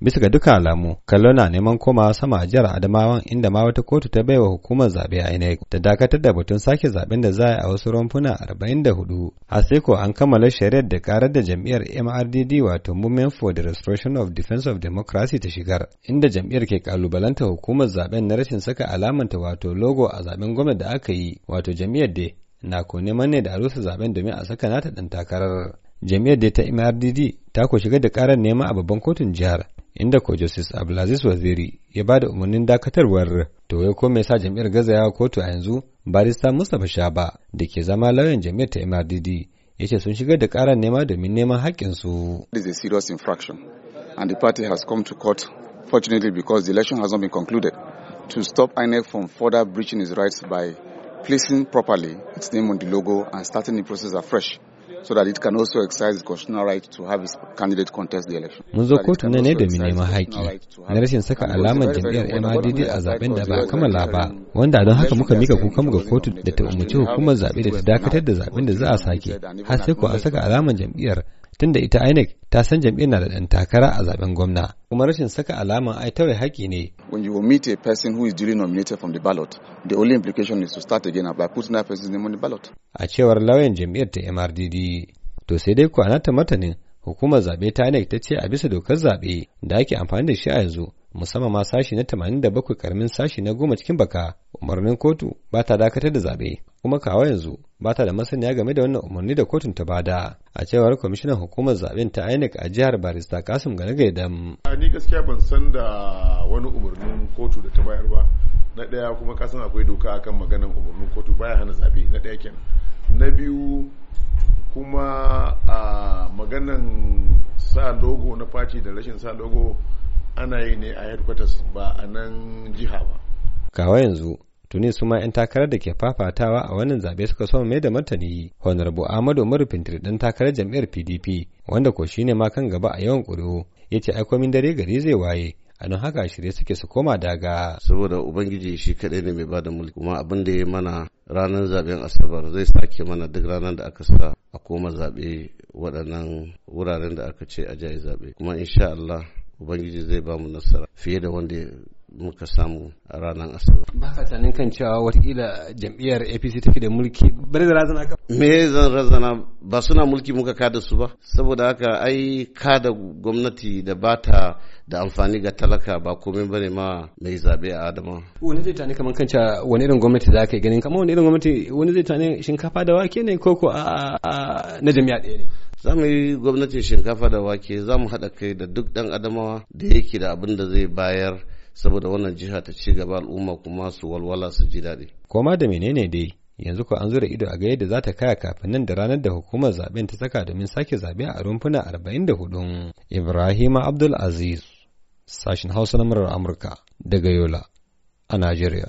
bisa ga duka alamu kallo na neman komawa sama a jihar Adamawa, inda ma wata kotu ta baiwa hukumar zaɓe a inec da dakatar da batun sake zaɓen da za a yi wasu rumfuna arba'in da hudu a seko an kammala shari'ar da karar da jam'iyyar mrdd wato movement for the restoration of defense of democracy ta shigar inda jam'iyyar ke kalubalanta hukumar zaɓen na rashin saka alamanta wato logo a zaɓen gwamnati da aka yi wato jam'iyyar da na ko neman ne da a zaɓen domin a saka nata ɗan takarar jam'iyyar da ta mrdd ta ko shigar da karar nema a babban kotun jihar inda ko Justice Abdulaziz Waziri ya ba da umarnin dakatarwar to ya ko mai sa jam'iyyar gazayawa kotu a yanzu barista Mustapha Shaba da ke zama lauyan jam'iyyar ta MRDD ya ce sun shigar da ƙarar nema domin neman su. This is a serious infraction and the party has come to court fortunately because the election has not been concluded to stop INEC from further breaching its rights by placing properly its name on the logo and starting the process afresh. so that it can also exercise constitutional to have its contest the Mun zo kotu na ne da mu nema haƙi na rashin saka alamar jam'iyyar MRDD a zaben da ba a kammala ba wanda don haka muka mika kukan ga kotu da ta umarci hukumar zaɓe da ta dakatar da zaben da za a sake har sai ko an saka alamar jam'iyyar da ita INEC ta san jam'iyyar na da ɗan takara a zaben gwamna kuma rashin saka alaman ai tare haƙƙi ne. When you meet a person who is duly nominated from the ballot, the only implication is to start again by putting that person's name on the ballot. A cewar lauyan jam'iyyar ta MRDD, to sai dai kwana ta matanin hukumar zaɓe ta ne ta ce a bisa dokar zaɓe da ake amfani da shi a yanzu musamman ma sashi na 87 karamin sashi na goma cikin baka umarnin kotu ba ta dakatar da zaɓe kuma kawo yanzu ba ta da masaniya game da wannan umarni da kotun ta bada a cewar kwamishinan hukumar zaben ta INEC a jihar Barista Kasim ga idan Ni gaskiya ban san da wani umarnin kotu da ta bayar ba. Na ɗaya kuma kasan akwai doka akan maganan umarnin kotu baya hana zabe na daya kenan. Na biyu kuma a maganan sa logo na faci da rashin sa logo ana yi ne a headquarters ba a nan jiha ba. Kawa yanzu tuni su ma 'yan takarar da ke fafatawa a wannan zaɓe suka so mai da martani honorable ahmadu umaru fintiri ɗan takarar jam'iyyar pdp wanda ko shine ma kan gaba a yawan ƙuri'u ya ce aikomin dare gari zai waye a nan haka shirye suke su koma daga saboda ubangiji shi kaɗai ne mai ba da mulki kuma abin da ya mana ranar zaben asabar zai sake mana duk ranar da aka sa a koma zaɓe waɗannan wuraren da aka ce a jayi zaɓe kuma insha Allah ubangiji zai ba mu nasara fiye da wanda muka samu ranar asabar. ba ka tunanin kan cewa watakila jam'iyyar apc take da mulki bari da razana ka me zan razana ba suna mulki muka kada su ba saboda haka ai kada gwamnati da bata da amfani ga talaka ba komai ne ma mai zabe a adama wani zai tani kamar kanca wani irin gwamnati za ka yi ganin kamar wani irin gwamnati wani zai tani shinkafa da wake ne koko a na jami'a ɗaya ne za mu yi gwamnatin shinkafa da wake za mu haɗa kai da duk ɗan adamawa da yake da abin da zai bayar saboda wannan jiha ta ci gaba al'umma kuma su walwala su ji daɗi. Koma da menene dai yanzu ko an zura ido a ga yadda za ta kaya kafin nan da ranar da hukumar zaben ta saka domin sake zabe a rumfuna 44. Ibrahim Abdul Aziz, Sashen Hausa na murar Amurka daga Yola a Najeriya.